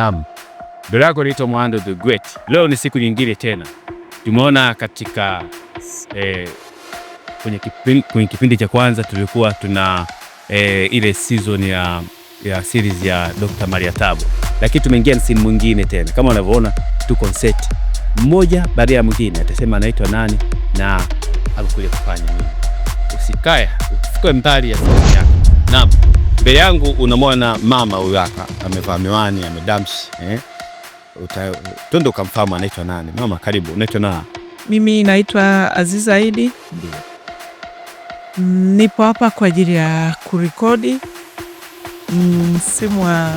Naam, dorako Ito Mwando the Great. Leo ni siku nyingine tena tumeona katika eh, kwenye kipindi, kwenye kipindi cha kwanza tulikuwa tuna eh, ile season ya, ya series ya Dr. Maria Tabu, lakini tumeingia msimu mwingine tena, kama unavyoona tu set mmoja baada ya mwingine, atasema anaitwa nani na alikuja kufanya nini. Usikae usikae mbali ya sauti yako. Naam. Mbele yangu unamwona mama huyu hapa amevaa miwani amedamsi eh? Twende ukamfahamu anaitwa nani. Mama karibu, unaitwa na Mimi naitwa Aziza Idi. Ndio. Mm, nipo hapa kwa ajili ya kurekodi mm, msimu wa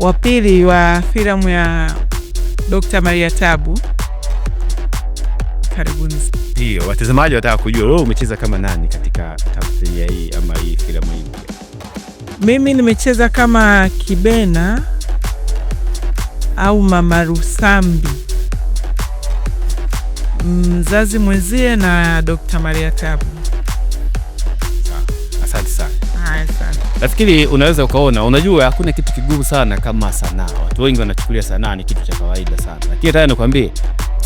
wa pili wa filamu ya Dr. Maria Tabu karibuni. Ndio watazamaji wataka kujua wewe umecheza kama nani katika tamthilia hii ama hii filamu hii? Mimi nimecheza kama Kibena au Mama Rusambi, mzazi mwenzie na Dr. Maria Tabu. Asante sana. Nafikiri unaweza ukaona, unajua hakuna kitu kigumu sana kama sanaa. Watu wengi wanachukulia sanaa ni kitu cha kawaida sana, lakini nataka nikwambie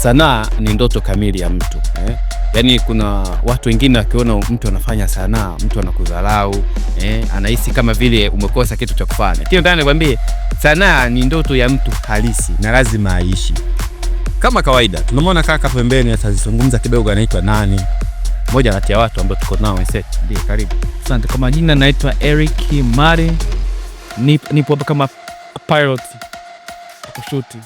sanaa ni ndoto kamili ya mtu eh? Yaani kuna watu wengine wakiona mtu anafanya sanaa, mtu anakudharau eh? Anahisi kama vile umekosa kitu cha kufanya. Kile nataka nikwambie, sanaa ni ndoto ya mtu halisi na lazima aishi. Kama kawaida tunamwona kaka pembeni, atazizungumza kidogo, anaitwa nani? Moja kati ya watu ambao tuko nao karibu. Asante. Kwa majina naitwa Eric Mari, nipo hapa kama pilot kushuti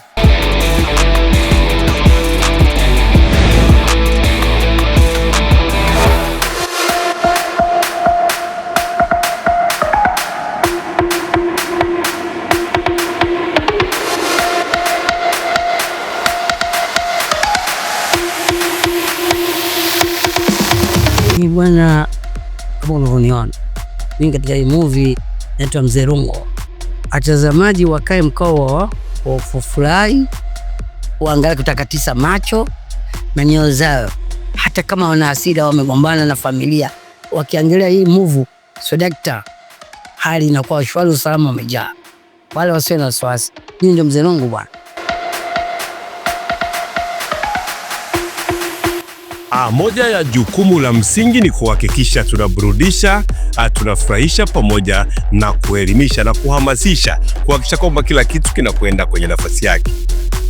mingi katika hii movie inaitwa Mzerungo. Watazamaji wakae mkao wa kufurahi, waangalie kutakatisa macho na nyoyo zao, hata kama wana hasira, wamegombana na familia, wakiangalia hii movie Sodakta, hali inakuwa shwari, usalama umejaa, wale wasio na wasiwasi. Hii ndio Mzerungo bwana. A, ah, moja ya jukumu la msingi ni kuhakikisha tunaburudisha, ah, tunafurahisha pamoja na kuelimisha na kuhamasisha, kuhakikisha kwamba kila kitu kinakwenda kwenye nafasi yake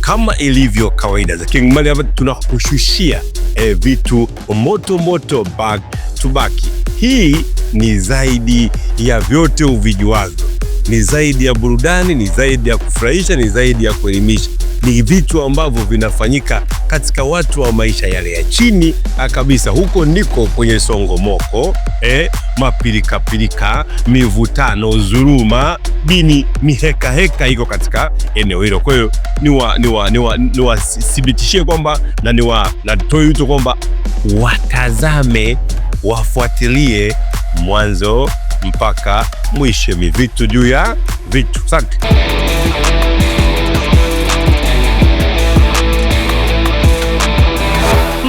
kama ilivyo kawaida za King Mali. Hapa tunakushushia e, vitu moto moto back to back. Hii ni zaidi ya vyote uvijuazo, ni zaidi ya burudani, ni zaidi ya kufurahisha, ni zaidi ya kuelimisha, ni vitu ambavyo vinafanyika katika watu wa maisha yale ya chini ah, kabisa. Huko ndiko kwenye songomoko, eh, mapilikapilika, mivutano, zuruma dini, mihekaheka iko katika eneo hilo. Kwa hiyo niwathibitishie kwamba na niwatoe wito kwamba watazame, wafuatilie mwanzo mpaka mwisho, mivitu vitu juu ya vitu. Asante.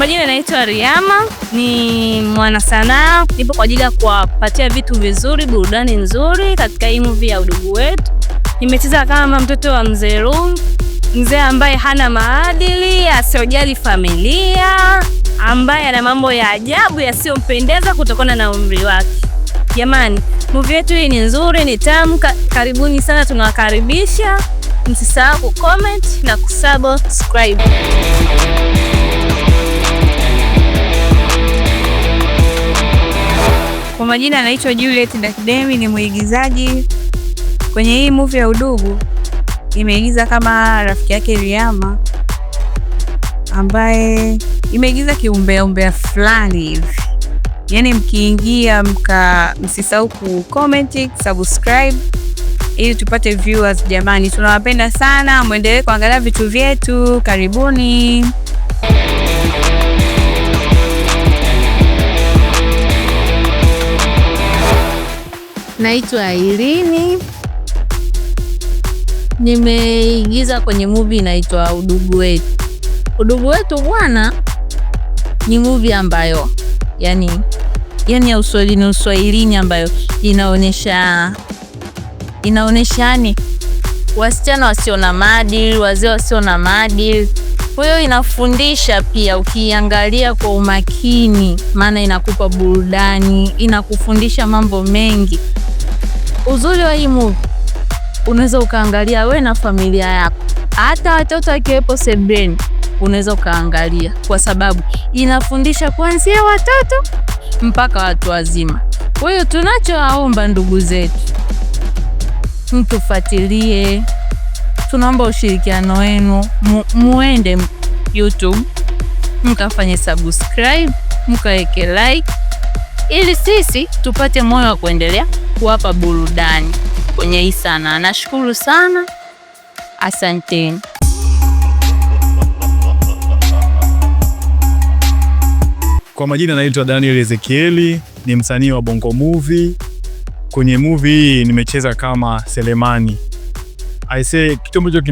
majina yanaitwa riama ni mwanasanaa. Nipo kwa ajili ya kuwapatia vitu vizuri, burudani nzuri katika hii movie ya udugu wetu. Nimecheza kama mtoto wa mzee Rum, mzee ambaye hana maadili, asiojali familia, ambaye ana mambo ya ajabu yasiyompendeza kutokana na umri wake. Jamani, movie yetu hii ni nzuri, ni tamu. Karibuni sana, tunawakaribisha. Msisahau kucomment na kusubscribe. Kwa majina anaitwa Juliet Ndakidemi, ni mwigizaji kwenye hii movie ya Udugu. Imeigiza kama rafiki yake Riyama ambaye imeigiza kiumbeaumbea fulani hivi, yaani mkiingia mka msisahau ku comment, subscribe ili tupate viewers. Jamani, tunawapenda sana, mwendelee kuangalia vitu vyetu. Karibuni. Naitwa Irini, nimeigiza kwenye movie inaitwa Udugu Wetu. Udugu Wetu bwana, ni movie ambayo yani yani ya uswahilini uswahilini, ambayo inaonesha inaonyesha yani wasichana wasio na maadili, wazee wasio na maadili. Kwa hiyo inafundisha pia, ukiangalia kwa umakini, maana inakupa burudani, inakufundisha mambo mengi. Uzuri wa hii movie unaweza ukaangalia we na familia yako, hata watoto akiwepo sebreni unaweza ukaangalia, kwa sababu inafundisha kuanzia watoto mpaka watu wazima. Kwa hiyo tunachowaomba ndugu zetu, mtufuatilie, tunaomba ushirikiano wenu, muende YouTube mkafanye subscribe, mkaweke like ili sisi tupate moyo wa kuendelea kuwapa burudani kwenye hii sanaa. Nashukuru sana, asanteni. Kwa majina naitwa Daniel Ezekieli, ni msanii wa Bongo Movie. Kwenye movie hii nimecheza kama Selemani. I say kitu ambacho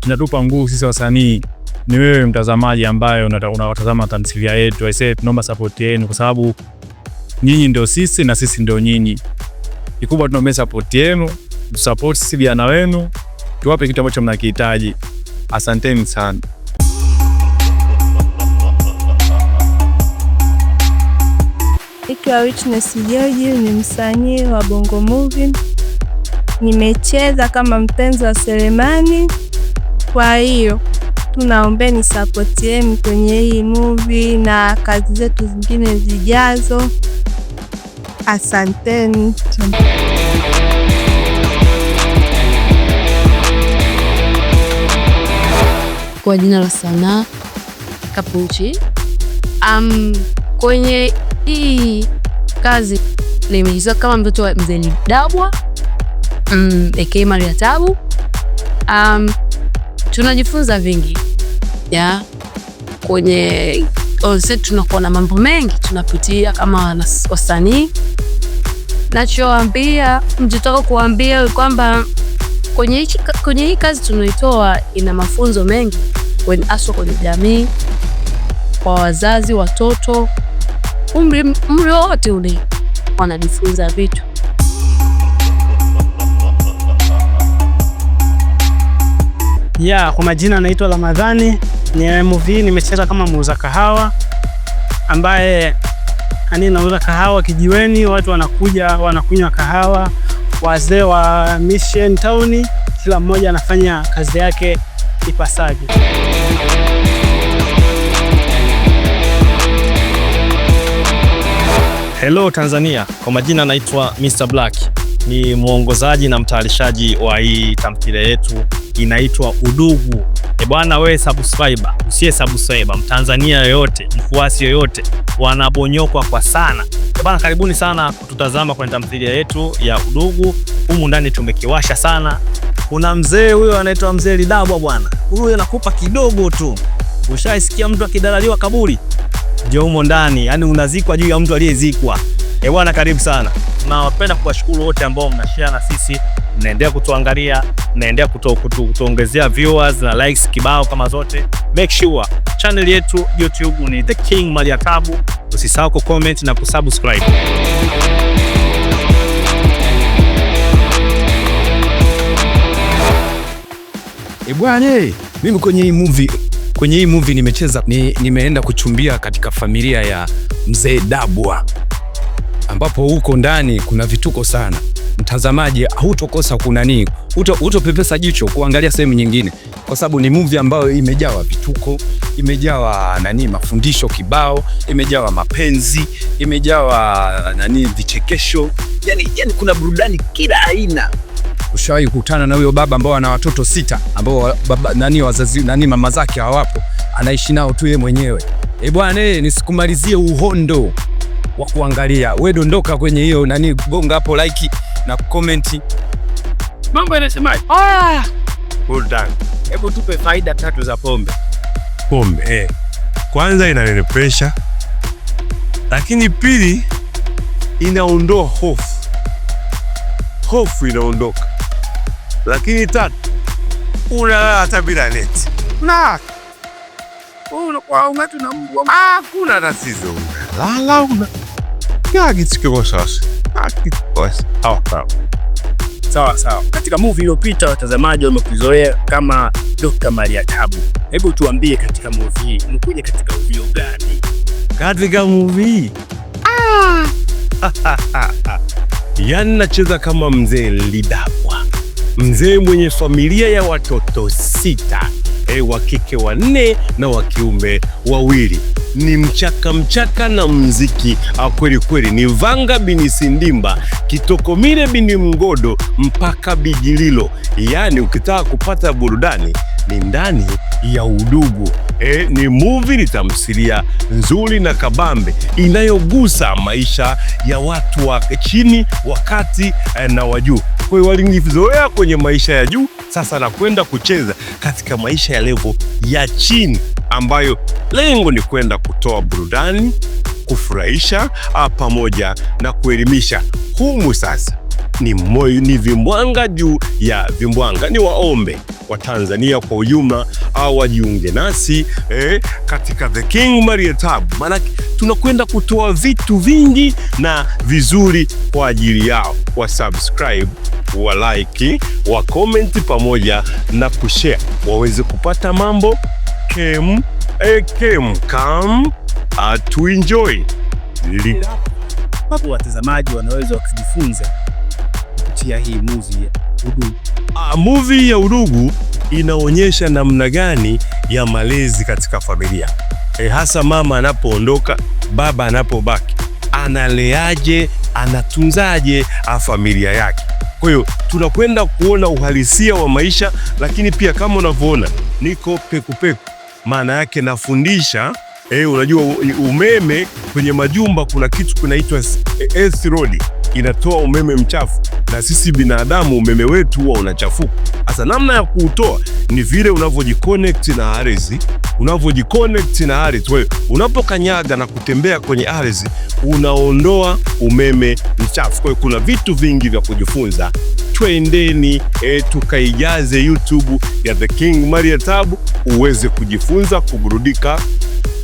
kinatupa nguvu sisi wasanii ni wewe mtazamaji ambaye unawatazama tamthilia yetu, aise tunaomba support yenu kwa sababu nyinyi ndio sisi na sisi ndio nyinyi. Kikubwa tunaomba support yenu, support sisi vijana wenu, tuwape kitu ambacho mnakihitaji. Asanteni sana. Ikiwa Witness Joji ni msanii wa Bongo Movie. Nimecheza kama mpenzi wa Selemani, kwa hiyo tunaombeni support yenu kwenye hii movie na kazi zetu zingine zijazo. Asanteni. Kwa jina la sanaa Kapuchi. Um, kwenye hii kazi nimeigiza kama mtoto wa mzee Dabwa, mm, aka Maria Tabu um, tunajifunza vingi ya kwenye onset, tunakuwa na mambo mengi tunapitia kama wasanii. Nachoambia mjitaka kuambia kwamba kwenye hii kazi tunaitoa ina mafunzo mengi aswa kwenye jamii, kwa wazazi, watoto, umri wote ule wanajifunza vitu. Yeah, kwa majina anaitwa Ramadhani, ni MV, nimecheza kama muuza kahawa ambaye ani nauza kahawa kijiweni, watu wanakuja wanakunywa kahawa, wazee wa Mission Town, kila mmoja anafanya kazi yake ipasavyo. Hello Tanzania, kwa majina anaitwa Mr Black, ni mwongozaji na mtayarishaji wa hii tamthilia yetu inaitwa Udugu. E bwana, wewe subscriber, usiye subscriber, Mtanzania yoyote, mfuasi yoyote, wanabonyokwa kwa sana. E bwana, karibuni sana kututazama kwenye tamthilia yetu ya Udugu. Humu ndani tumekiwasha sana. Kuna mzee huyo anaitwa mzee Lidabwa bwana, huyo anakupa kidogo tu. Ushaisikia mtu akidalaliwa kaburi? Ndio humo ndani, yani unazikwa juu ya mtu aliyezikwa. E bwana, karibu sana. Tunawapenda kuwashukuru wote ambao mnashare na sisi mnaendelea kutuangalia, mnaendelea kutuongezea viewers na likes kibao kama zote. Make sure channel yetu YouTube ni The King Maliakabu. Usisahau ku comment na kusubscribe. E bwana, eh, mimi kwenye hii movie kwenye hii movie nimecheza ni, nimeenda kuchumbia katika familia ya mzee Dabwa ambapo huko ndani kuna vituko sana mtazamaji hutokosa kunani, hutopepesa jicho kuangalia sehemu nyingine, kwa sababu ni movie ambayo imejawa vituko, imejawa nani, mafundisho kibao, imejawa mapenzi, imejawa nani, vichekesho, yani, yani kuna burudani kila aina. Ushawahi kukutana na huyo baba ambao ana watoto sita ambao nani, wazazi nani, mama zake hawapo, anaishi nao tu yeye mwenyewe. E bwana, eh, nisikumalizie uhondo wa kuangalia. Wewe dondoka kwenye hiyo nani, gonga hapo like na comment. Mambo yanasemaje? Ah, cool down. Hebu tupe faida tatu za pombe. Pombe eh, kwanza ina pressure, lakini pili inaondoa hofu, hofu inaondoka, lakini tatu unalala hata bila neti na unakuwa umetu na mbwa, hakuna tatizo, unalala una kila kipo sawa. Sawa sawa. Sawa sawa. Katika movie iliyopita watazamaji wamekuzoea kama Dr. Maria Tabu. Hebu tuambie katika movie hii, mkuje katika uvio gani? Katika movie. Ah. Yani nacheza kama mzee Lidabwa, mzee mwenye familia ya watoto sita e, wa kike wanne na wa kiume wawili. Ni mchaka mchaka na mziki ah, kweli kweli, ni vanga bini sindimba kitokomile bini mgodo mpaka bijililo. Yaani ukitaka kupata burudani ni ndani ya Udugu. E, ni muvi ni nzuri na kabambe inayogusa maisha ya watu wa chini, wakati eh, na wajuu kwa hiyo walinizoea kwenye maisha ya juu, sasa nakwenda kucheza katika maisha ya levo ya chini, ambayo lengo ni kwenda kutoa burudani, kufurahisha ah, pamoja na kuelimisha humu sasa ni, ni vimbwanga juu ya vimbwanga. Ni waombe wa Tanzania kwa ujumla au wajiunge nasi eh, katika The King Maria Tab, maana tunakwenda kutoa vitu vingi na vizuri kwa ajili yao. Wa subscribe wa like wa comment pamoja na kushare, waweze kupata mambo kem eh, kem kam atuenjoy watazamaji wanaweza wakajifunza kupitia hii movie ya Udugu. Ah, movie ya Udugu inaonyesha namna gani ya malezi katika familia e, hasa mama anapoondoka, baba anapobaki, analeaje, anatunzaje ah, familia yake. Kwa hiyo tunakwenda kuona uhalisia wa maisha, lakini pia kama unavyoona niko pekupeku, maana yake nafundisha e, unajua umeme kwenye majumba kuna kitu kinaitwa earth rod inatoa umeme mchafu, na sisi binadamu umeme wetu huwa unachafuka. Sasa namna ya kuutoa ni vile unavyojiconnect na ardhi, unavyojiconnect na ardhi. Wewe unapokanyaga na kutembea kwenye ardhi unaondoa umeme mchafu. Kwa hiyo kuna vitu vingi vya kujifunza. Twendeni e, tukaijaze YouTube ya The King Maria Tabu uweze kujifunza, kuburudika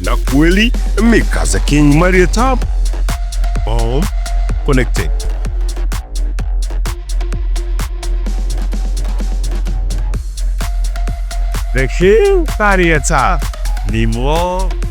na kuelimika. The King Maria Tabu. connected. Deixa eu, Parieta. Limou.